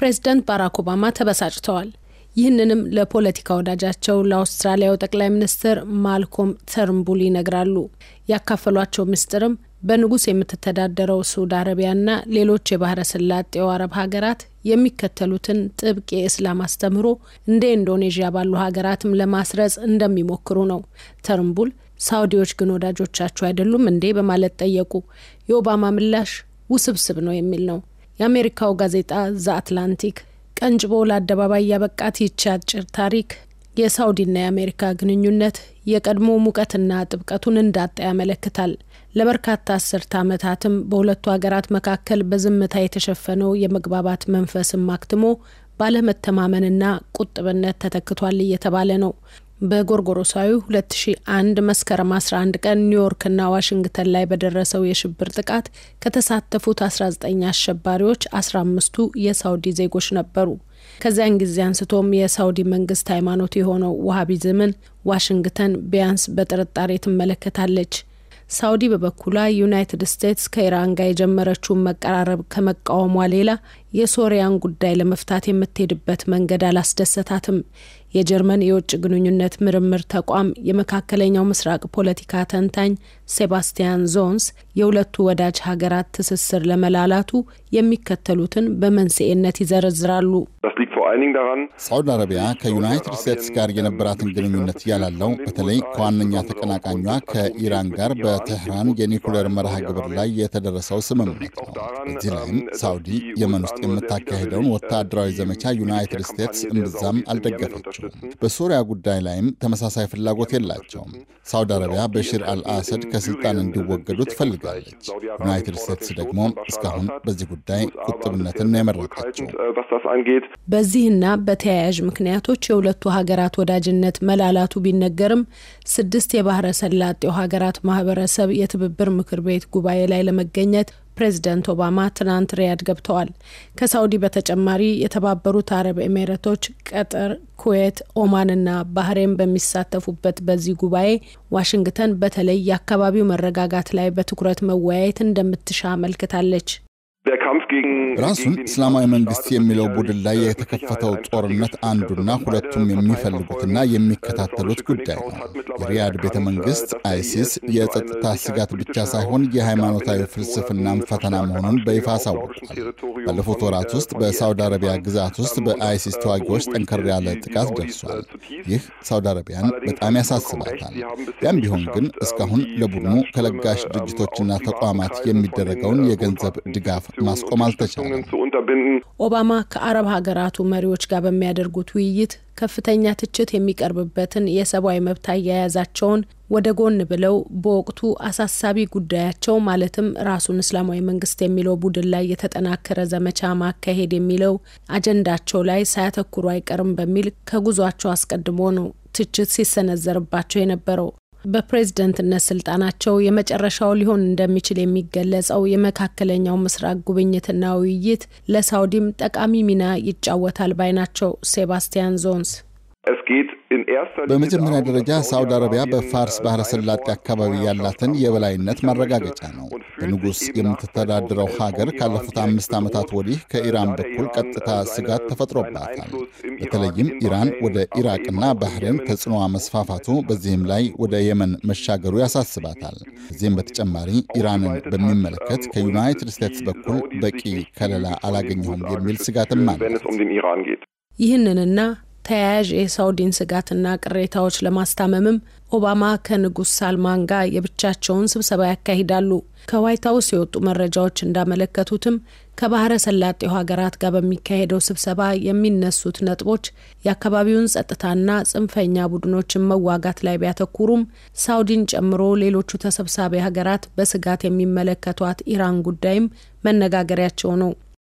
ፕሬዝደንት ባራክ ኦባማ ተበሳጭተዋል። ይህንንም ለፖለቲካ ወዳጃቸው ለአውስትራሊያው ጠቅላይ ሚኒስትር ማልኮም ተርምቡል ይነግራሉ። ያካፈሏቸው ምስጢርም በንጉሥ የምትተዳደረው ሳውዲ አረቢያና ሌሎች የባህረ ስላጤው አረብ ሀገራት የሚከተሉትን ጥብቅ የእስላም አስተምህሮ እንደ ኢንዶኔዥያ ባሉ ሀገራትም ለማስረጽ እንደሚሞክሩ ነው። ተርምቡል ሳውዲዎች ግን ወዳጆቻቸው አይደሉም እንዴ በማለት ጠየቁ። የኦባማ ምላሽ ውስብስብ ነው የሚል ነው። የአሜሪካው ጋዜጣ ዘ አትላንቲክ ቀንጭቦ ለአደባባይ ያበቃት ይቺ አጭር ታሪክ የሳውዲና የአሜሪካ ግንኙነት የቀድሞ ሙቀትና ጥብቀቱን እንዳጣ ያመለክታል። ለበርካታ አስርተ ዓመታትም በሁለቱ ሀገራት መካከል በዝምታ የተሸፈነው የመግባባት መንፈስም አክትሞ ባለመተማመንና ቁጥብነት ተተክቷል እየተባለ ነው። በጎርጎሮሳዊ 2001 መስከረም 11 ቀን ኒውዮርክና ዋሽንግተን ላይ በደረሰው የሽብር ጥቃት ከተሳተፉት 19 አሸባሪዎች 15ቱ የሳውዲ ዜጎች ነበሩ። ከዚያን ጊዜ አንስቶም የሳውዲ መንግስት ሃይማኖት የሆነው ውሃቢዝምን ዋሽንግተን ቢያንስ በጥርጣሬ ትመለከታለች። ሳውዲ በበኩሏ ዩናይትድ ስቴትስ ከኢራን ጋር የጀመረችውን መቀራረብ ከመቃወሟ ሌላ የሶሪያን ጉዳይ ለመፍታት የምትሄድበት መንገድ አላስደሰታትም። የጀርመን የውጭ ግንኙነት ምርምር ተቋም የመካከለኛው ምስራቅ ፖለቲካ ተንታኝ ሴባስቲያን ዞንስ የሁለቱ ወዳጅ ሀገራት ትስስር ለመላላቱ የሚከተሉትን በመንስኤነት ይዘረዝራሉ። ሳዑዲ አረቢያ ከዩናይትድ ስቴትስ ጋር የነበራትን ግንኙነት ያላለው በተለይ ከዋነኛ ተቀናቃኟ ከኢራን ጋር በቴህራን የኒኩሌር መርሃ ግብር ላይ የተደረሰው ስምምነት ነው። በዚህ ላይም ሳዑዲ የመን ውስጥ የምታካሄደውን ወታደራዊ ዘመቻ ዩናይትድ ስቴትስ እምብዛም አልደገፈችውም። በሱሪያ ጉዳይ ላይም ተመሳሳይ ፍላጎት የላቸውም። ሳውዲ አረቢያ በሽር አልአሰድ ከስልጣን እንዲወገዱ ትፈልጋለች። ዩናይትድ ስቴትስ ደግሞ እስካሁን በዚህ ጉዳይ ቁጥብነትን ነው የመረጣቸው። በዚህና በተያያዥ ምክንያቶች የሁለቱ ሀገራት ወዳጅነት መላላቱ ቢነገርም ስድስት የባህረ ሰላጤው ሀገራት ማህበረሰብ የትብብር ምክር ቤት ጉባኤ ላይ ለመገኘት ፕሬዚደንት ኦባማ ትናንት ሪያድ ገብተዋል። ከሳውዲ በተጨማሪ የተባበሩት አረብ ኤሜሬቶች፣ ቀጠር፣ ኩዌት፣ ኦማንና ባህሬን በሚሳተፉበት በዚህ ጉባኤ ዋሽንግተን በተለይ የአካባቢው መረጋጋት ላይ በትኩረት መወያየት እንደምትሻ አመልክታለች። ራሱን እስላማዊ መንግስት የሚለው ቡድን ላይ የተከፈተው ጦርነት አንዱና ሁለቱም የሚፈልጉትና äh, የሚከታተሉት ጉዳይ ነው። የሪያድ ቤተ äh, መንግስት አይሲስ የጸጥታ ስጋት ብቻ ሳይሆን የሃይማኖታዊ ፍልስፍናም äh, ፈተና መሆኑን በይፋ አሳውቋል። ባለፉት ወራት ውስጥ በሳውዲ አረቢያ ግዛት ውስጥ በአይሲስ ተዋጊዎች ጠንከር ያለ ጥቃት ደርሷል። ይህ ሳውዲ አረቢያን በጣም ያሳስባታል። ያም ቢሆን ግን እስካሁን ለቡድኑ ከለጋሽ ድርጅቶችና ተቋማት የሚደረገውን የገንዘብ ድጋፍ ማስቆም አልተቻለም። ኦባማ ከአረብ ሀገራቱ መሪዎች ጋር በሚያደርጉት ውይይት ከፍተኛ ትችት የሚቀርብበትን የሰብአዊ መብት አያያዛቸውን ወደ ጎን ብለው በወቅቱ አሳሳቢ ጉዳያቸው ማለትም ራሱን እስላማዊ መንግስት የሚለው ቡድን ላይ የተጠናከረ ዘመቻ ማካሄድ የሚለው አጀንዳቸው ላይ ሳያተኩሩ አይቀርም በሚል ከጉዟቸው አስቀድሞ ነው ትችት ሲሰነዘርባቸው የነበረው። በፕሬዝደንትነት ስልጣናቸው የመጨረሻው ሊሆን እንደሚችል የሚገለጸው የመካከለኛው ምስራቅ ጉብኝትና ውይይት ለሳውዲም ጠቃሚ ሚና ይጫወታል ባይ ናቸው ሴባስቲያን ዞንስ። በመጀመሪያ ደረጃ ሳዑዲ አረቢያ በፋርስ ባህረ ሰላጤ አካባቢ ያላትን የበላይነት ማረጋገጫ ነው። በንጉሥ የምትተዳድረው ሀገር ካለፉት አምስት ዓመታት ወዲህ ከኢራን በኩል ቀጥታ ስጋት ተፈጥሮባታል። በተለይም ኢራን ወደ ኢራቅና ባህሬን ተጽዕኖዋ መስፋፋቱ፣ በዚህም ላይ ወደ የመን መሻገሩ ያሳስባታል። ከዚህም በተጨማሪ ኢራንን በሚመለከት ከዩናይትድ ስቴትስ በኩል በቂ ከለላ አላገኘሁም የሚል ስጋትም አለ። ይህንንና ተያያዥ የሳውዲን ስጋትና ቅሬታዎች ለማስታመምም ኦባማ ከንጉስ ሳልማን ጋር የብቻቸውን ስብሰባ ያካሂዳሉ። ከዋይት ሀውስ የወጡ መረጃዎች እንዳመለከቱትም ከባህረ ሰላጤው ሀገራት ጋር በሚካሄደው ስብሰባ የሚነሱት ነጥቦች የአካባቢውን ጸጥታና ጽንፈኛ ቡድኖችን መዋጋት ላይ ቢያተኩሩም ሳውዲን ጨምሮ ሌሎቹ ተሰብሳቢ ሀገራት በስጋት የሚመለከቷት ኢራን ጉዳይም መነጋገሪያቸው ነው።